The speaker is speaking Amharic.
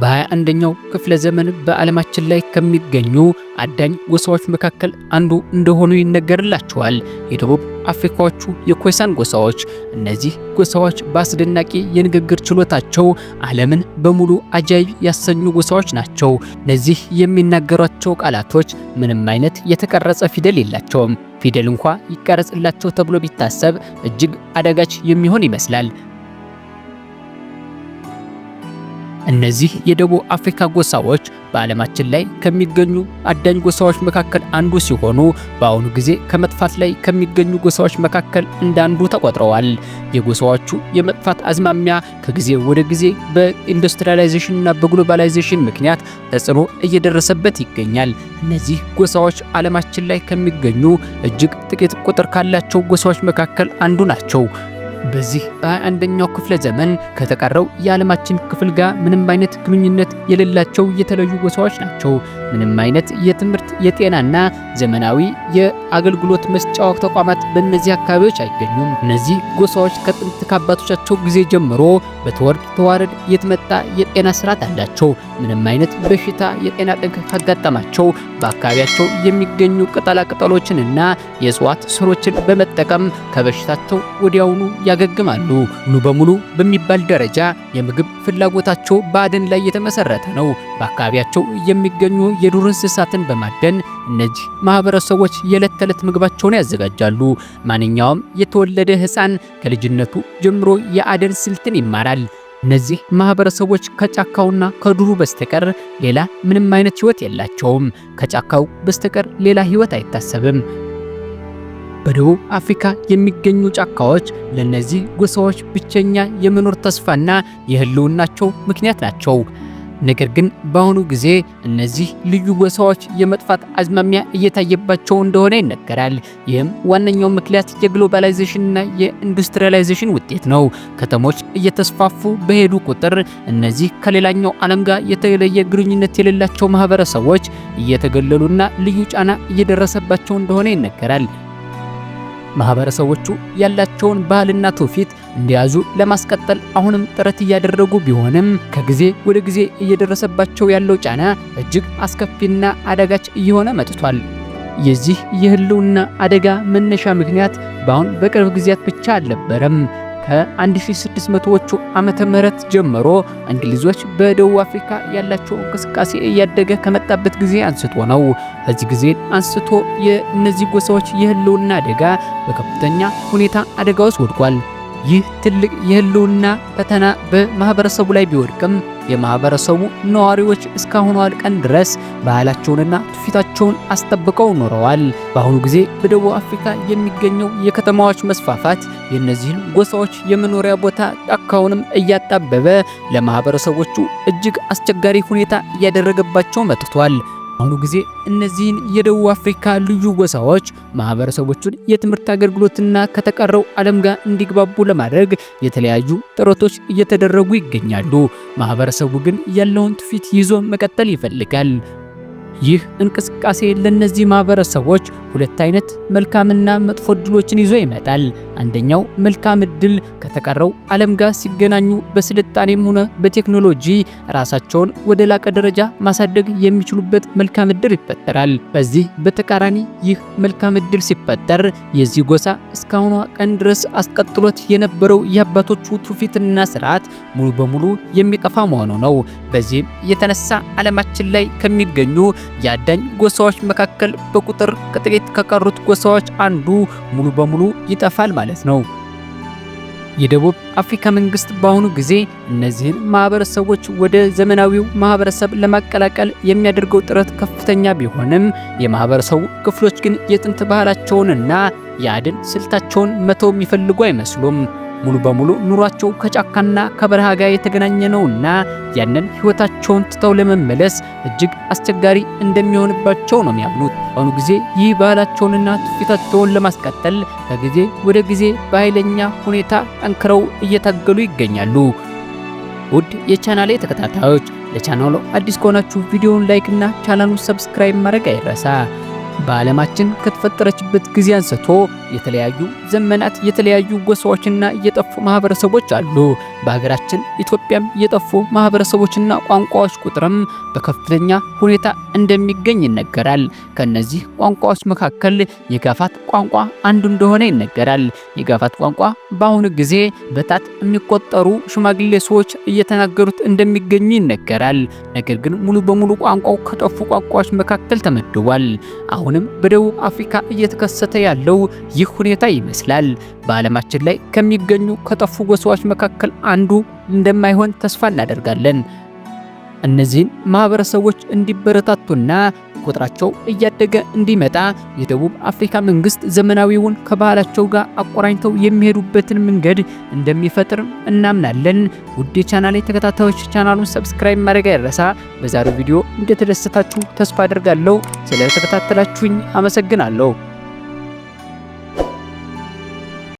በሀያ ክፍለ ዘመን በዓለማችን ላይ ከሚገኙ አዳኝ ጎሳዎች መካከል አንዱ እንደሆኑ ይነገርላቸዋል የደቡብ አፍሪካዎቹ የኮይሳን ጎሳዎች። እነዚህ ጎሳዎች በአስደናቂ የንግግር ችሎታቸው ዓለምን በሙሉ አጃይብ ያሰኙ ጎሳዎች ናቸው። እነዚህ የሚናገሯቸው ቃላቶች ምንም አይነት የተቀረጸ ፊደል የላቸውም። ፊደል እንኳ ይቀረጽላቸው ተብሎ ቢታሰብ እጅግ አዳጋች የሚሆን ይመስላል። እነዚህ የደቡብ አፍሪካ ጎሳዎች በዓለማችን ላይ ከሚገኙ አዳኝ ጎሳዎች መካከል አንዱ ሲሆኑ በአሁኑ ጊዜ ከመጥፋት ላይ ከሚገኙ ጎሳዎች መካከል እንዳንዱ ተቆጥረዋል። የጎሳዎቹ የመጥፋት አዝማሚያ ከጊዜ ወደ ጊዜ በኢንዱስትሪያላይዜሽንና በግሎባላይዜሽን ምክንያት ተጽዕኖ እየደረሰበት ይገኛል። እነዚህ ጎሳዎች ዓለማችን ላይ ከሚገኙ እጅግ ጥቂት ቁጥር ካላቸው ጎሳዎች መካከል አንዱ ናቸው። በዚህ አንደኛው ክፍለ ዘመን ከተቀረው የዓለማችን ክፍል ጋር ምንም አይነት ግንኙነት የሌላቸው የተለዩ ጎሳዎች ናቸው። ምንም አይነት የትምህርት የጤናና ዘመናዊ የአገልግሎት መስጫ ተቋማት በእነዚህ አካባቢዎች አይገኙም። እነዚህ ጎሳዎች ከጥንት ከአባቶቻቸው ጊዜ ጀምሮ በተወርድ ተዋረድ የተመጣ የጤና ስርዓት አላቸው። ምንም አይነት በሽታ የጤና ጠንቅ ካጋጠማቸው በአካባቢያቸው የሚገኙ ቅጠላ ቅጠሎችንና የእጽዋት ስሮችን በመጠቀም ከበሽታቸው ወዲያውኑ ያገግማሉ። ሙሉ በሙሉ በሚባል ደረጃ የምግብ ፍላጎታቸው በአደን ላይ የተመሰረተ ነው። በአካባቢያቸው የሚገኙ የዱር እንስሳትን በማደን እነዚህ ማህበረሰቦች የዕለት ተዕለት ምግባቸውን ያዘጋጃሉ። ማንኛውም የተወለደ ሕፃን ከልጅነቱ ጀምሮ የአደን ስልትን ይማራል። እነዚህ ማህበረሰቦች ከጫካውና ከዱሩ በስተቀር ሌላ ምንም አይነት ህይወት የላቸውም። ከጫካው በስተቀር ሌላ ህይወት አይታሰብም። በደቡብ አፍሪካ የሚገኙ ጫካዎች ለእነዚህ ጎሳዎች ብቸኛ የመኖር ተስፋና የህልውናቸው ምክንያት ናቸው። ነገር ግን በአሁኑ ጊዜ እነዚህ ልዩ ጎሳዎች የመጥፋት አዝማሚያ እየታየባቸው እንደሆነ ይነገራል። ይህም ዋነኛው ምክንያት የግሎባላይዜሽንና የኢንዱስትሪያላይዜሽን ውጤት ነው። ከተሞች እየተስፋፉ በሄዱ ቁጥር እነዚህ ከሌላኛው ዓለም ጋር የተለየ ግንኙነት የሌላቸው ማህበረሰቦች እየተገለሉና ልዩ ጫና እየደረሰባቸው እንደሆነ ይነገራል። ማህበረሰቦቹ ያላቸውን ባህልና ትውፊት እንዲያዙ ለማስቀጠል አሁንም ጥረት እያደረጉ ቢሆንም ከጊዜ ወደ ጊዜ እየደረሰባቸው ያለው ጫና እጅግ አስከፊና አዳጋች እየሆነ መጥቷል። የዚህ የህልውና አደጋ መነሻ ምክንያት በአሁን በቅርብ ጊዜያት ብቻ አልነበረም። ከ1600ዎቹ ዓመተ ምህረት ጀምሮ እንግሊዞች በደቡብ አፍሪካ ያላቸው እንቅስቃሴ እያደገ ከመጣበት ጊዜ አንስቶ ነው። በዚህ ጊዜ አንስቶ የእነዚህ ጎሳዎች የህልውና አደጋ በከፍተኛ ሁኔታ አደጋ ውስጥ ወድቋል። ይህ ትልቅ የህልውና ፈተና በማህበረሰቡ ላይ ቢወድቅም የማህበረሰቡ ነዋሪዎች እስካሁኗል ቀን ድረስ ባህላቸውንና ትውፊታቸውን አስጠብቀው ኖረዋል። በአሁኑ ጊዜ በደቡብ አፍሪካ የሚገኘው የከተማዎች መስፋፋት የእነዚህን ጎሳዎች የመኖሪያ ቦታ ጫካውንም እያጣበበ ለማህበረሰቦቹ እጅግ አስቸጋሪ ሁኔታ እያደረገባቸው መጥቷል። በአሁኑ ጊዜ እነዚህን የደቡብ አፍሪካ ልዩ ጎሳዎች ማህበረሰቦቹን የትምህርት አገልግሎትና ከተቀረው ዓለም ጋር እንዲግባቡ ለማድረግ የተለያዩ ጥረቶች እየተደረጉ ይገኛሉ። ማህበረሰቡ ግን ያለውን ትውፊት ይዞ መቀጠል ይፈልጋል። ይህ እንቅስቃሴ ለእነዚህ ማህበረሰቦች ሁለት አይነት መልካምና መጥፎ እድሎችን ይዞ ይመጣል። አንደኛው መልካም እድል ከተቀረው ዓለም ጋር ሲገናኙ በስልጣኔም ሆነ በቴክኖሎጂ ራሳቸውን ወደ ላቀ ደረጃ ማሳደግ የሚችሉበት መልካም እድል ይፈጠራል። በዚህ በተቃራኒ ይህ መልካም እድል ሲፈጠር የዚህ ጎሳ እስካሁኗ ቀን ድረስ አስቀጥሎት የነበረው የአባቶቹ ትውፊትና ስርዓት ሙሉ በሙሉ የሚጠፋ መሆኑ ነው። በዚህም የተነሳ ዓለማችን ላይ ከሚገኙ የአዳኝ ጎሳዎች መካከል በቁጥር ከጥቂት ከቀሩት ጎሳዎች አንዱ ሙሉ በሙሉ ይጠፋል ማለት ነው። የደቡብ አፍሪካ መንግስት በአሁኑ ጊዜ እነዚህን ማህበረሰቦች ወደ ዘመናዊው ማህበረሰብ ለማቀላቀል የሚያደርገው ጥረት ከፍተኛ ቢሆንም የማህበረሰቡ ክፍሎች ግን የጥንት ባህላቸውንና የአድን ስልታቸውን መተው የሚፈልጉ አይመስሉም። ሙሉ በሙሉ ኑሯቸው ከጫካና ከበረሃ ጋር የተገናኘ ነውና ያንን ሕይወታቸውን ትተው ለመመለስ እጅግ አስቸጋሪ እንደሚሆንባቸው ነው የሚያምኑት። በአሁኑ ጊዜ ይህ ባህላቸውንና ትውፊታቸውን ለማስቀጠል ከጊዜ ወደ ጊዜ በኃይለኛ ሁኔታ ጠንክረው እየታገሉ ይገኛሉ። ውድ የቻናሌ ተከታታዮች ለቻናሉ አዲስ ከሆናችሁ ቪዲዮውን ላይክና ቻናሉን ሰብስክራይብ ማድረግ አይረሳ። በዓለማችን ከተፈጠረችበት ጊዜ አንስቶ የተለያዩ ዘመናት የተለያዩ ጎሳዎችና የጠፉ ማህበረሰቦች አሉ። በሀገራችን ኢትዮጵያም የጠፉ ማህበረሰቦችና ቋንቋዎች ቁጥርም በከፍተኛ ሁኔታ እንደሚገኝ ይነገራል። ከነዚህ ቋንቋዎች መካከል የጋፋት ቋንቋ አንዱ እንደሆነ ይነገራል። የጋፋት ቋንቋ በአሁኑ ጊዜ በታት የሚቆጠሩ ሽማግሌ ሰዎች እየተናገሩት እንደሚገኙ ይነገራል። ነገር ግን ሙሉ በሙሉ ቋንቋው ከጠፉ ቋንቋዎች መካከል ተመድቧል። አሁንም በደቡብ አፍሪካ እየተከሰተ ያለው ይህ ሁኔታ ይመስላል በዓለማችን ላይ ከሚገኙ ከጠፉ ጎሳዎች መካከል አንዱ እንደማይሆን ተስፋ እናደርጋለን። እነዚህን ማህበረሰቦች እንዲበረታቱና ቁጥራቸው እያደገ እንዲመጣ የደቡብ አፍሪካ መንግስት ዘመናዊውን ከባህላቸው ጋር አቆራኝተው የሚሄዱበትን መንገድ እንደሚፈጥር እናምናለን። ውድ የቻናሌ ተከታታዮች ቻናሉን ሰብስክራይብ ማድረግ አይረሳ። በዛሬው ቪዲዮ እንደተደሰታችሁ ተስፋ አደርጋለሁ። ስለተከታተላችሁኝ አመሰግናለሁ።